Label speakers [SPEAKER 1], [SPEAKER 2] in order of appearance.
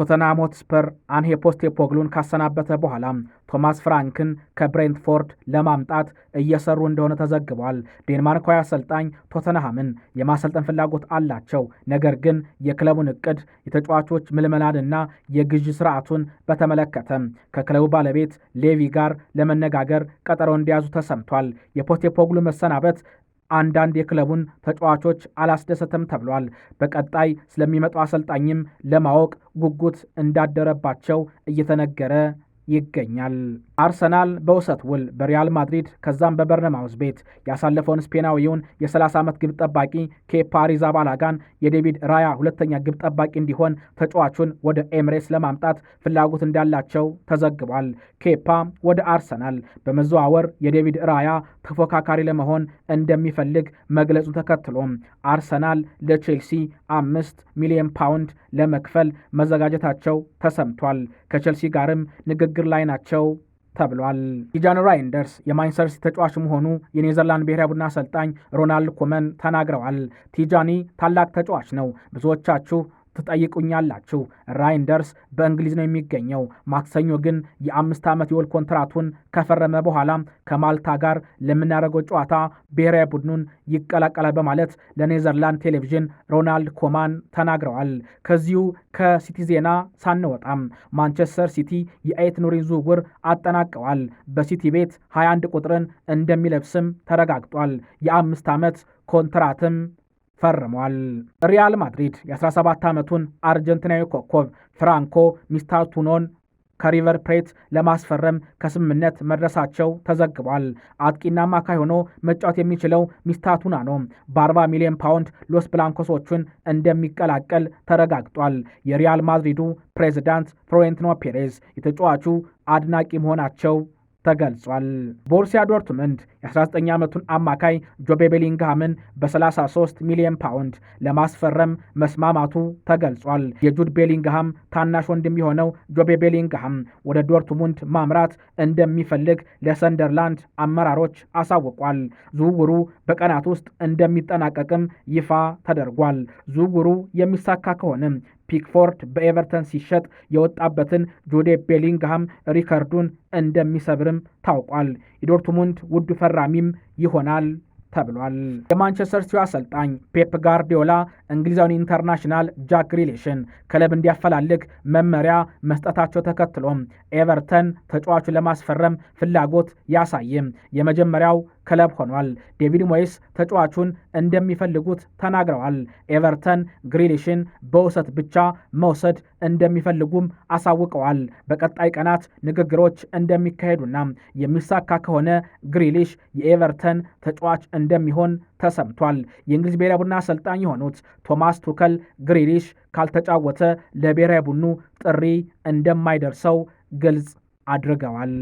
[SPEAKER 1] ቶተንሃም ሆትስፐር አንሄ ፖስቴፖግሉን ካሰናበተ በኋላ ቶማስ ፍራንክን ከብሬንትፎርድ ለማምጣት እየሰሩ እንደሆነ ተዘግቧል። ዴንማርካዊ አሰልጣኝ ቶተንሃምን የማሰልጠን ፍላጎት አላቸው፣ ነገር ግን የክለቡን እቅድ የተጫዋቾች ምልመላንና የግዢ ስርዓቱን በተመለከተ ከክለቡ ባለቤት ሌቪ ጋር ለመነጋገር ቀጠሮ እንዲያዙ ተሰምቷል። የፖስቴፖግሉ መሰናበት አንዳንድ የክለቡን ተጫዋቾች አላስደሰተም ተብሏል። በቀጣይ ስለሚመጡ አሰልጣኝም ለማወቅ ጉጉት እንዳደረባቸው እየተነገረ ይገኛል። አርሰናል በውሰት ውል በሪያል ማድሪድ ከዛም በበርነማውዝ ቤት ያሳለፈውን ስፔናዊውን የ30 ዓመት ግብ ጠባቂ ኬፓ አሪዛባላጋን የዴቪድ ራያ ሁለተኛ ግብ ጠባቂ እንዲሆን ተጫዋቹን ወደ ኤምሬስ ለማምጣት ፍላጎት እንዳላቸው ተዘግቧል። ኬፓ ወደ አርሰናል በመዘዋወር የዴቪድ ራያ ተፎካካሪ ለመሆን እንደሚፈልግ መግለጹን ተከትሎም አርሰናል ለቼልሲ አምስት ሚሊዮን ፓውንድ ለመክፈል መዘጋጀታቸው ተሰምቷል። ከቼልሲ ጋርም ንግግር ላይ ናቸው ተብሏል። ቲጃኒ ራይንደርስ የማንቸስተር ሲቲ ተጫዋች መሆኑ የኔዘርላንድ ብሔራዊ ቡድን አሰልጣኝ ሮናልድ ኮመን ተናግረዋል። ቲጃኒ ታላቅ ተጫዋች ነው። ብዙዎቻችሁ ትጠይቁኛላችሁ። ራይንደርስ በእንግሊዝ ነው የሚገኘው። ማክሰኞ ግን የአምስት ዓመት የወል ኮንትራቱን ከፈረመ በኋላ ከማልታ ጋር ለምናደርገው ጨዋታ ብሔራዊ ቡድኑን ይቀላቀላል በማለት ለኔዘርላንድ ቴሌቪዥን ሮናልድ ኮማን ተናግረዋል። ከዚሁ ከሲቲ ዜና ሳንወጣም ማንቸስተር ሲቲ የአየት ኑሪን ዝውውር አጠናቀዋል። በሲቲ ቤት 21 ቁጥርን እንደሚለብስም ተረጋግጧል። የአምስት ዓመት ኮንትራትም ፈርመዋል። ሪያል ማድሪድ የ17 ዓመቱን አርጀንቲናዊ ኮከብ ፍራንኮ ሚስታቱኖን ከሪቨር ፕሌት ለማስፈረም ከስምምነት መድረሳቸው ተዘግቧል። አጥቂና አማካይ ሆኖ መጫወት የሚችለው ሚስታቱና ነው። በ40 ሚሊዮን ፓውንድ ሎስ ብላንኮሶቹን እንደሚቀላቀል ተረጋግጧል። የሪያል ማድሪዱ ፕሬዚዳንት ፍሎሬንቲኖ ፔሬዝ የተጫዋቹ አድናቂ መሆናቸው ተገልጿል። ቦርሲያ ዶርትመንድ የ19 ዓመቱን አማካይ ጆቤ ቤሊንግሃምን በ33 ሚሊዮን ፓውንድ ለማስፈረም መስማማቱ ተገልጿል። የጁድ ቤሊንግሃም ታናሽ ወንድም የሆነው ጆቤ ቤሊንግሃም ወደ ዶርትሙንድ ማምራት እንደሚፈልግ ለሰንደርላንድ አመራሮች አሳውቋል። ዝውውሩ በቀናት ውስጥ እንደሚጠናቀቅም ይፋ ተደርጓል። ዝውውሩ የሚሳካ ከሆነም ፒክፎርድ በኤቨርተን ሲሸጥ የወጣበትን ጁዴ ቤሊንግሃም ሪከርዱን እንደሚሰብርም ታውቋል። የዶርትሙንድ ውዱ ፈራሚም ይሆናል ተብሏል። የማንቸስተር ሲቲ አሰልጣኝ ፔፕ ጋርዲዮላ እንግሊዛዊን ኢንተርናሽናል ጃክ ግሪሊሽን ክለብ እንዲያፈላልግ መመሪያ መስጠታቸው ተከትሎም ኤቨርተን ተጫዋቹ ለማስፈረም ፍላጎት ያሳይም የመጀመሪያው ክለብ ሆኗል። ዴቪድ ሞይስ ተጫዋቹን እንደሚፈልጉት ተናግረዋል። ኤቨርተን ግሪሊሽን በውሰት ብቻ መውሰድ እንደሚፈልጉም አሳውቀዋል። በቀጣይ ቀናት ንግግሮች እንደሚካሄዱና የሚሳካ ከሆነ ግሪሊሽ የኤቨርተን ተጫዋች እንደሚሆን ተሰምቷል። የእንግሊዝ ብሔራዊ ቡና አሰልጣኝ የሆኑት ቶማስ ቱከል ግሪሊሽ ካልተጫወተ ለብሔራዊ ቡኑ ጥሪ እንደማይደርሰው ግልጽ አድርገዋል።